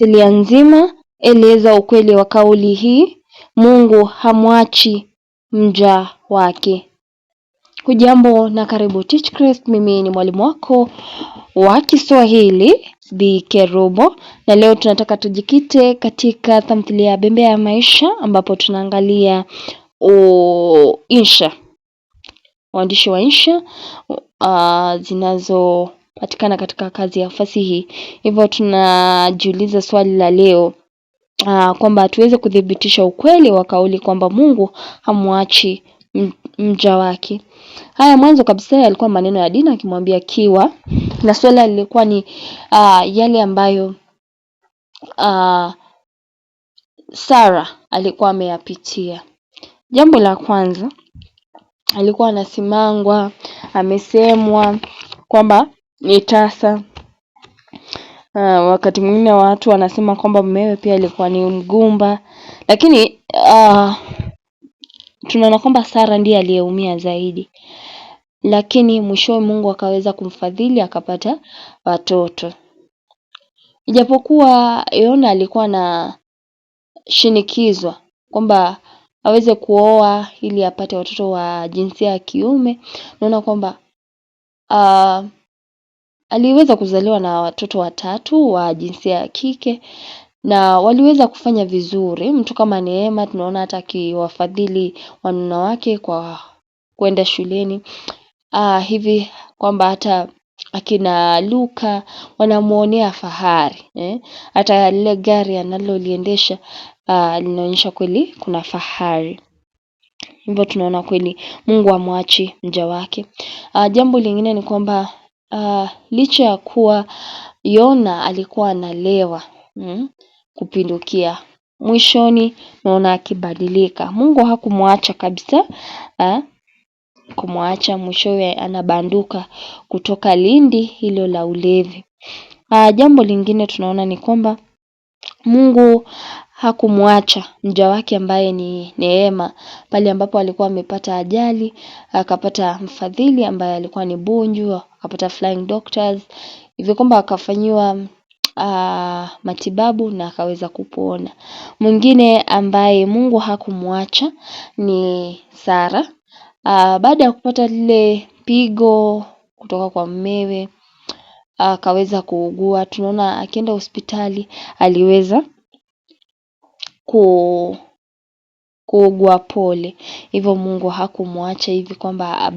Biblia nzima eleza ukweli wa kauli hii: Mungu hamwachi mja wake. Hujambo na karibu Teachkrest, mimi ni mwalimu wako wa Kiswahili Bi Kerubo, na leo tunataka tujikite katika tamthilia ya Bembea ya Maisha ambapo tunaangalia o, insha, waandishi wa insha uh, zinazo patikana katika kazi ya fasihi. Hivyo tunajiuliza swali la leo ah, kwamba tuweze kuthibitisha ukweli wa kauli kwamba Mungu hamwachi mja wake. Haya, mwanzo kabisa yalikuwa maneno ya Dina akimwambia Kiwa, na swala lilikuwa ni aa, ah, yale ambayo aa, ah, Sara alikuwa ameyapitia. Jambo la kwanza alikuwa anasimangwa, amesemwa kwamba ni tasa. Ah, wakati mwingine watu wanasema kwamba mmewe pia alikuwa ni mgumba, lakini uh, tunaona kwamba Sara ndiye aliyeumia zaidi, lakini mwishowe Mungu akaweza kumfadhili akapata watoto. Ijapokuwa Yona alikuwa anashinikizwa kwamba aweze kuoa ili apate watoto wa jinsia ya kiume, naona kwamba uh, Aliweza kuzaliwa na watoto watatu wa jinsia ya kike na waliweza kufanya vizuri. Mtu kama Neema tunaona hata akiwafadhili wanawake kwa kwenda shuleni ah, hivi kwamba hata akina Luka wanamuonea fahari. Eh? Hata lile gari analoliendesha ah, linaonyesha kweli kuna fahari. Hivyo tunaona kweli Mungu amwachi mja wake. Ah, jambo lingine ni kwamba Ah, licha ya kuwa Yona alikuwa analewa hmm, kupindukia. Mwishoni naona akibadilika. Mungu hakumwacha kabisa, ah, kumwacha mwishowe anabanduka kutoka lindi hilo la ulevi. Ah, jambo lingine tunaona ni kwamba Mungu hakumwacha mja wake ambaye ni Neema pale ambapo alikuwa amepata ajali, akapata mfadhili ambaye alikuwa ni Bunju, akapata Flying Doctors hivyo kwamba akafanyiwa uh, matibabu na akaweza kupona. Mwingine ambaye Mungu hakumwacha ni Sara. Uh, baada ya kupata lile pigo kutoka kwa mmewe akaweza kuugua. Tunaona akienda hospitali aliweza kuugua pole. Hivyo Mungu hakumwacha hivi kwamba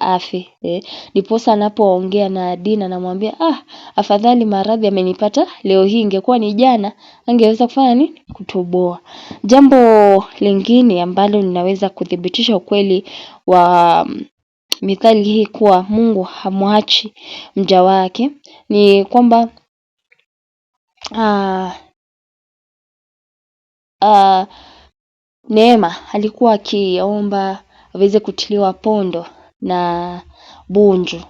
afe. Eh. Ndiposa anapoongea na Dina anamwambia ah, afadhali maradhi amenipata leo hii, ingekuwa ni jana angeweza kufanya nini? Kutoboa. Jambo lingine ambalo linaweza kuthibitisha ukweli wa mm, mithali hii kuwa Mungu hamwachi mja wake ni kwamba ah, Neema alikuwa akiomba aweze kutiliwa pondo na Bunju.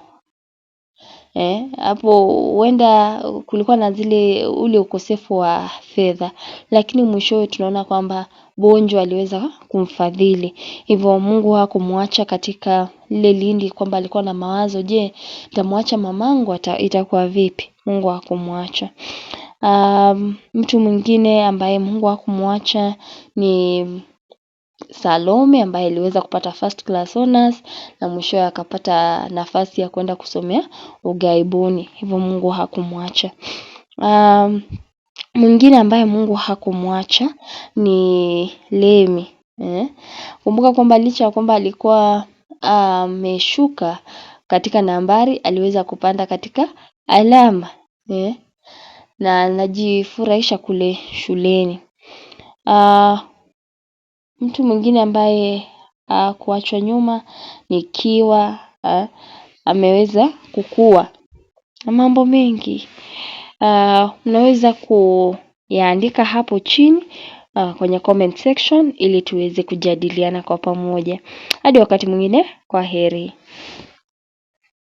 E, hapo huenda kulikuwa na zile ule ukosefu wa fedha lakini mwishowe tunaona kwamba Bunju aliweza kumfadhili. Hivyo Mungu hakumwacha katika lile lindi kwamba alikuwa na mawazo, je, nitamwacha mamangu itakuwa vipi? Mungu hakumwacha Mtu mwingine ambaye mungu hakumwacha ni Salome ambaye aliweza kupata first class honors na mwishowe akapata nafasi ya kuenda kusomea ughaibuni. Hivo mungu Um, Mwingine ambaye mungu hakumwacha ni Lemi. Eh, kumbuka kwamba licha ya kwamba alikuwa ameshuka katika nambari aliweza kupanda katika alama. Eh, na najifurahisha kule shuleni. Ah, mtu mwingine ambaye ah, kuachwa nyuma nikiwa ah, ameweza kukua. na Mambo mengi, unaweza kuyaandika hapo chini kwenye comment section ili tuweze kujadiliana kwa pamoja. Hadi wakati mwingine kwa heri